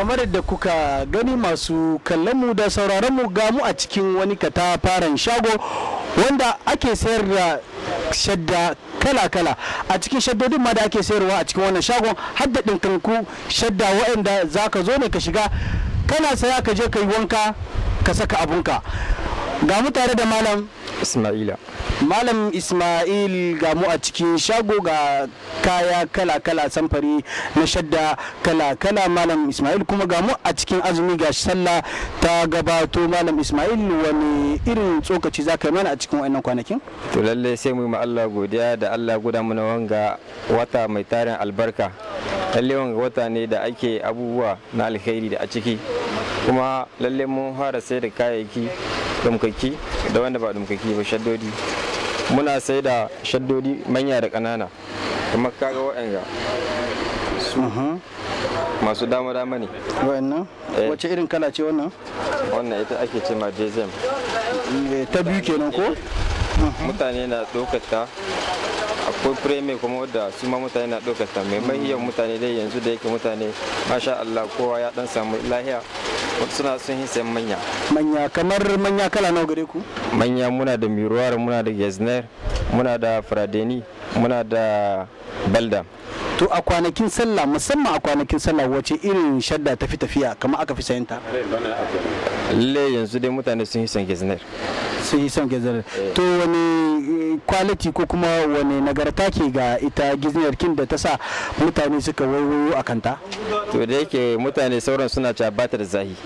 kamar da kuka gani masu mu da sauraronmu ga mu a cikin wani katafaren shago wanda ake sayar da shadda kala-kala a cikin shaddodin ma da ake sayarwa a cikin wannan shagon hadda kanku shadda waɗanda za ka zo ne ka shiga kana saya ka je ka yi wanka ka saka abunka ga mu tare da malam ismaila malam ismail gamu a cikin shago ga kaya kala-kala samfari na shadda kala-kala malam ismail kuma gamu a cikin azumi ga sallah ta gabato malam ismail wani irin tsokaci za ka yi mana a cikin wannan kwanakin to lallai sai mu yi Allah godiya da Allah guda mana wanga wata mai tarin albarka lallai wanga wata ne da ake abubuwa na alkhairi da a ciki kuma lallai mun fara sai da kayayyaki dumkaki da wanda ba dumkaki ba shaddodi muna sai da shaddodi manya da ƙanana kuma kaga waɗanga su masu dama dama ne wa'annan eh. wace irin kala ce wannan wannan ita ake ce ma jezem eh, ta biyu kenan ko mutane na ɗaukata ko premier kuma wadda su ma mutane na ɗaukar ta mai mahiyan mutane dai yanzu da yake mutane masha Allah kowa ya dan samu lahiya suna sun yi sayan manya manya kamar manya kala nawa gare ku manya muna da miruwar muna da gezner muna da fradeni muna da balda to a kwanakin sallah musamman a kwanakin sallah wace irin shadda tafi tafiya kamar aka fi sayanta le yanzu dai mutane sun yi san gezner sun yi san gezner to wani kwaliti ko kuma wani nagarta ke ga ita gizniyar kin da ta sa mutane suka waiwayo a kanta to da yake mutane sauran suna ta da zahi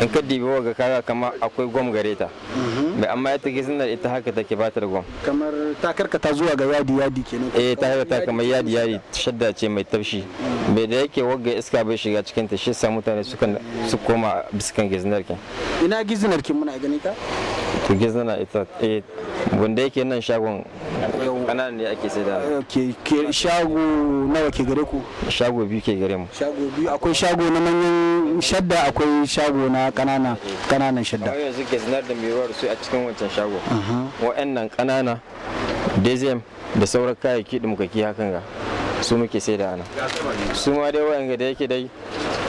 in ka dibi waga kaga kama akwai gwam gare ta bai mhm. amma ya take sanar ita haka take ba ta da gwam kamar ta karkata zuwa ga yadi yadi kenan eh ta karkata kamar yadi yadi shadda ce mai tafshi mm. bai da yake wagga iska bai shiga cikin ta shi sa mutane sukan su koma biskan gizinar ke. ina gizinar kin muna ganin ta to gizinar ita eh Gunda yake nan shagon kananan ne ake sai da eh, ke shago nawa ke gare ku shago biyu ke gare mu shago biyu akwai shago na manyan shadda akwai shago na kanana kananan shadda a yanzu ke zinar da miruwar su a cikin wancan shago wa'annan kanana dezem da sauran kayayyaki da muka ki hakan ga su muke sai da ana su ma dai wa'anga da yake dai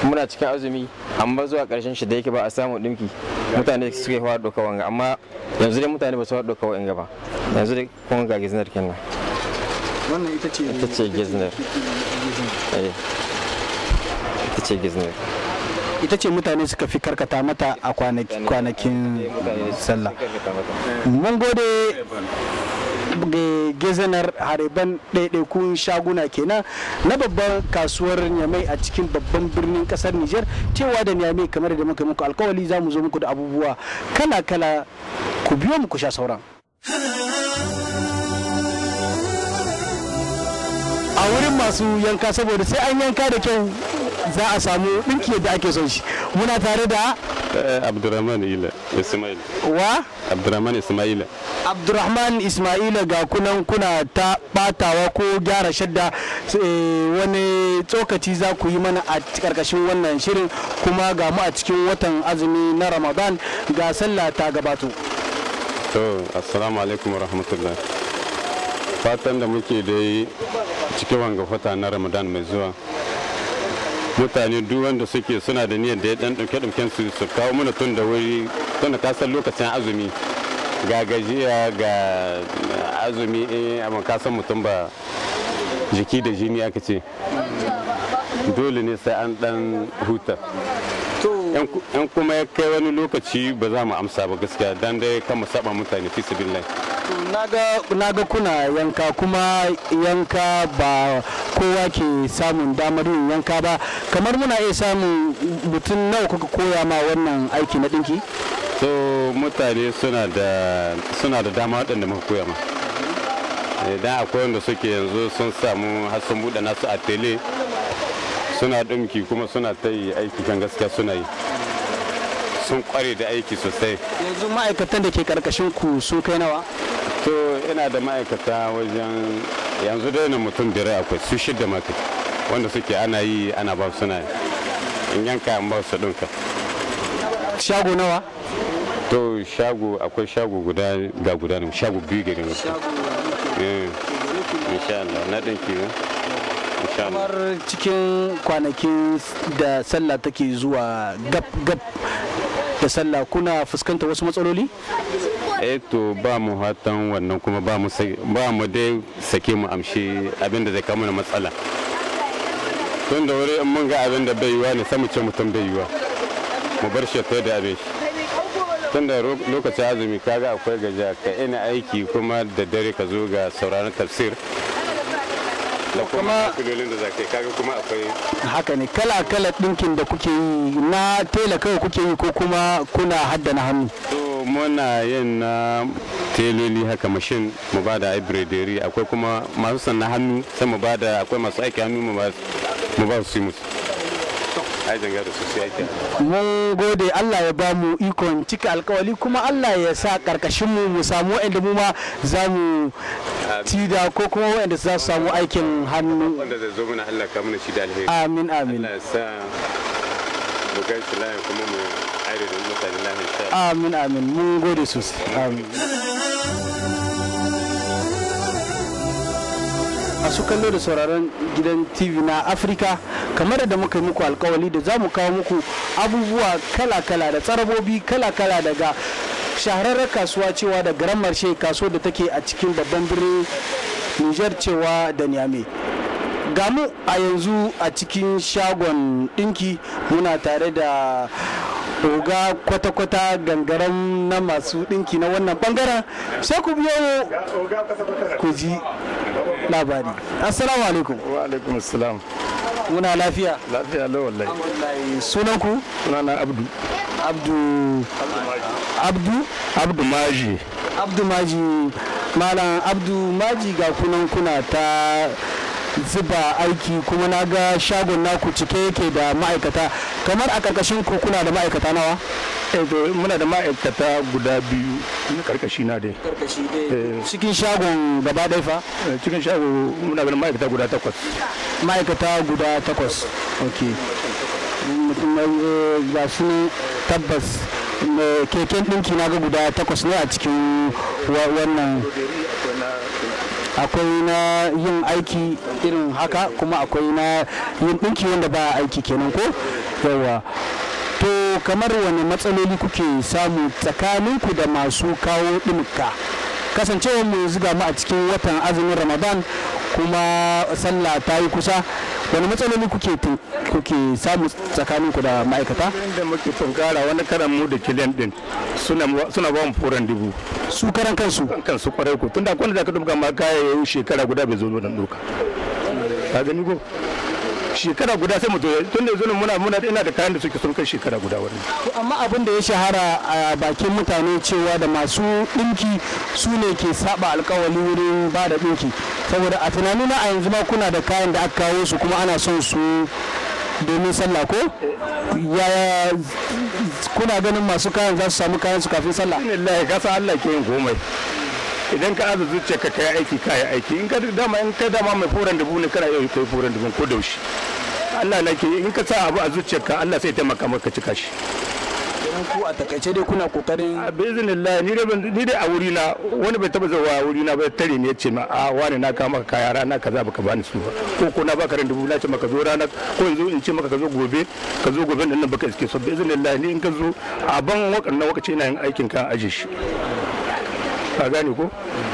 muna cikin azumi amma zuwa karshen shi da yake ba a samu dinki mutane suke fara doka wanga amma yanzu dai mutane ba su fara doka wanga ba yanzu dai kun ga gizinar kenan wannan ita ce ita ce giznar eh, ita ce gizinar ita ce mutane suka fi karkata mata a kwanakin sallah mun gode gezenar hariban ɗaiɗaikun shaguna kenan na babban kasuwar nyamai a cikin babban birnin ƙasar niger cewa da nyamai kamar da muka muku alkawali za mu zo muku da abubuwa kala-kala ku biyo mu ku sha sauran a wurin masu yanka saboda sai an yanka da kyau za a samu ɗinki yadda ake son shi muna tare da eh, abdurrahman ismail wa abdurrahman ismail abdurrahman ismaila ga kunan kuna ta batawa ko gyara shadda eh, wani tsokaci za ku yi mana a karkashin wannan shirin kuma ga mu a cikin watan azumi na ramadan ga sallah ta gabato to assalamu alaikum rahmatullahi fatan da muke yi cikin wanga fata na ramadan mai zuwa mutane duk wanda suke suna da niyyar da ya dan dauke dauken su kawo mana tun da wuri tun da kasar lokacin azumi ga gajiya ga azumi in eh, ka san mutum ba jiki da jini aka ce dole ne sai an dan huta yan kuma ya kai wani lokaci ba za mu amsa ba gaskiya dan dai kama saba mutane fi su na ga kuna yanka kuma yanka ba kowa ke samun damar yin yanka ba kamar muna iya samun mutum nawa kuka koya ma wannan aiki na dinki so mutane suna da dama waɗanda muka koya ma idan akwai wanda suke yanzu sun samu hasan buɗe nasu a tele suna ɗumki kuma suna ta yi aiki kan gaskiya suna yi sun kware da aiki sosai yanzu ma'aikatan da ke karkashin ku sun kai nawa to ina da ma'aikata wajen yanzu dai na mutum biyar akwai su shidda maka wanda suke ana yi ana ba suna yi in yanka an ba su ɗinka shago nawa to shago akwai shago guda ga guda ne shago biyu gari ne eh, insha Allah na ɗin kiwo kamar cikin kwanakin da sallah take zuwa gab gab da sallah kuna fuskanta wasu matsaloli eh to ba mu hatan wannan kuma ba mu dai sake mu amshi abinda zai kama matsala tun da wuri in mun ga abin da bai yiwa ne sai mu ce mutum bai yiwa mu bar shi da abin shi tun da lokacin azumi kaga akwai gajiya ka ina aiki kuma da dare ka zo ga sauraron tafsir da kuma filolin da zakai kaga kuma akwai haka ne kala kala dinkin da kuke yi na tela kawai kuke yi ko kuma kuna haddana hannu to muna yin na teloli haka mashin mu ba da akwai kuma masu sannan hannu sai mu ba da akwai masu aiki hannu mu ba su musu mun gode Allah ya ba mu ikon cika alkawali kuma Allah ya sa karkashin mu mu samu wa'anda mu ma za mu tida ko kuma wa'anda za su samu aikin hannu wanda zo mana Allah ka mana shi da alheri amin amin Allah ya sa mu kuma mu amin amin mun gode sosai amin masu kallo da sauraron gidan tv na afirka kamar da muka yi muku alkawali da za mu kawo muku abubuwa kala-kala da tsarabobi kala-kala daga shahararren kasuwa cewa da garan marshe kaso da take a cikin babban birnin niger cewa da niamey gamu a yanzu a cikin shagon dinki muna tare da oga kwata-kwata gangaren na masu dinki na wannan bangaren sai ku biyo ku ji labari assalamu alaikum wa alaikum assalam muna lafiya lafiya lo wallahi sunan ku na abdu abdu abdu abdu maji abdu maji malam abdu maji ga kunan kuna ta zuba aiki kuma na ga shagon naku cike yake da ma'aikata kamar a karkashin ku kuna da ma'aikata nawa eh, to muna da ma'aikata guda biyu karkashi na dai eh. cikin shagon gaba dai fa eh, cikin shago muna da ma'aikata guda takwas ma'aikata guda takwas ok mutum ga su tabbas keken ɗinki na ga guda takwas ne a cikin wannan akwai na yin aiki irin haka kuma akwai na yin ɗinki wanda ba aiki kenan ko yawa to kamar wani matsaloli kuke samu tsakaninku da masu kawo ɗinka kasancewar mu ziga mu a cikin watan azumin ramadan kuma sallah ta yi kusa wani matsaloli kuke kuke samu tsakanin ku da ma'aikata da muke tunkara wani karan mu da kiliyan din suna ba mu furan dubu su karan kansu kansu kwarai ku tunda kwanda da ka dubga ma kayayyau shekara guda bai zo nan doka. ka gani ko shekara guda sai mu zo tun da zuwa muna muna ina da kayan da suke sun kai shekara guda wani amma abin da ya shahara a bakin mutane cewa da masu dinki su ne ke saba alkawali wurin ba da dinki saboda a tunanina a yanzu ma kuna da kayan da aka kawo su kuma ana son su domin sallah ko yaya kuna ganin masu kayan za su samu kayan su kafin sallah alhamdulillah ka san Allah ke yin komai idan ka azu zuciya ka kai aiki kai aiki in ka dama in ka dama mai furan dubu ne kana iya kai furan dubu ko daushi. Allah na ke in ka sa abu a zuciyarka Allah sai taimaka maka cika shi idan ku a takaice dai kuna kokarin a bizinillah ni dai ni dai a wuri na wani bai taba zuwa wuri na bai tare ne yace ma a wani na ka maka kaya rana kaza baka bani su ko ko na baka ran dubu na ce maka zo rana ko yanzu in ce maka ka zo gobe ka zo gobe nan baka iske so bizinillah ni in ka zo a ban wakan na wakace ina yin aikin ka aje shi A gane ko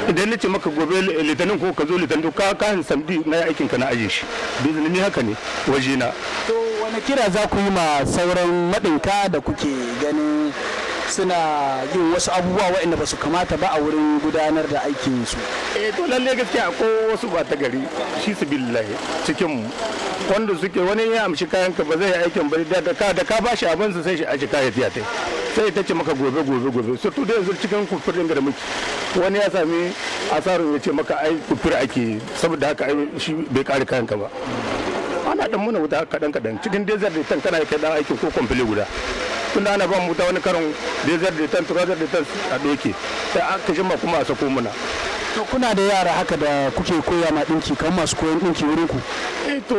idan na ce maka gobe litinin ko ka zo litinin ka kahin samdi na aikin ka na aje shi bizinin ne haka ne waje na to wani kira za ku yi ma sauran maɗinka da kuke ganin suna yin wasu abubuwa waɗanda ba su kamata ba a wurin gudanar da aikin su. eh to lalle gaskiya ko wasu ba ta gari shi su billahi cikin mu wanda suke wani ya amshi kayan ka ba zai aikin ba da ka da ka bashi abin su sai shi a shi kayan ta sai ta ce maka gobe gobe gobe surtout da yanzu cikin kufur din da muke wani ya sami asarin ya ce maka ai kufur ake saboda haka ai shi bai kare kayan ba ana dan muna wuta kadan kadan cikin desert da tan kana kai dan aikin ko komple guda tun da ana ba mu wuta wani karon desert da tan trouser da tan a doke sai aka jima kuma a sako muna to kuna da yara haka da kuke koya ma dinki kan masu koyon dinki wurin ku eh to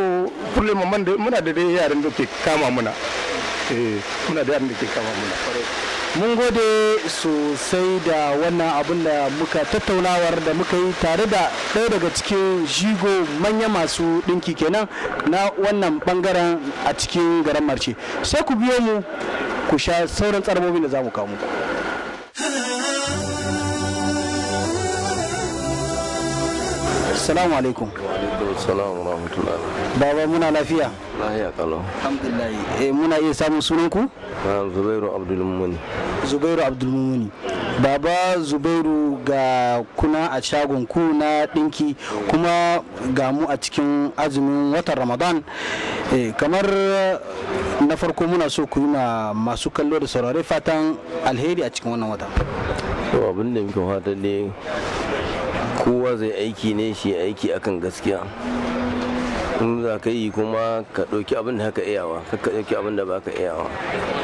kullum muna da dai yaran da ke kama muna muna da yadda ke kama muna mun gode sosai da wannan abin da muka tattaunawar da muka yi tare da ɗaya daga cikin jigo manya masu ɗinki kenan na wannan bangaren a cikin garin marce sai ku biyo mu ku sha sauran tsarmomin da za mu kawo muku Assalamu alaikum. Wa rahmatullahi. Baba muna lafiya. Lafiya kalau. Alhamdulillah. Eh muna iya samun sunan ku? Zubairu Abdul Mumuni. Zubairu Abdul Mumuni. Baba Zubairu ga kuna a shagon ku na dinki kuma ga mu a cikin azumin watan Ramadan. Eh kamar na farko muna so ku yi ma masu kallo da saurare fatan alheri a cikin wannan wata. To abin da muke fata ne kowa zai aiki ne shi aiki akan gaskiya in za ka yi kuma ka ɗauki abin da haka iyawa ka ɗauki abin da baka iyawa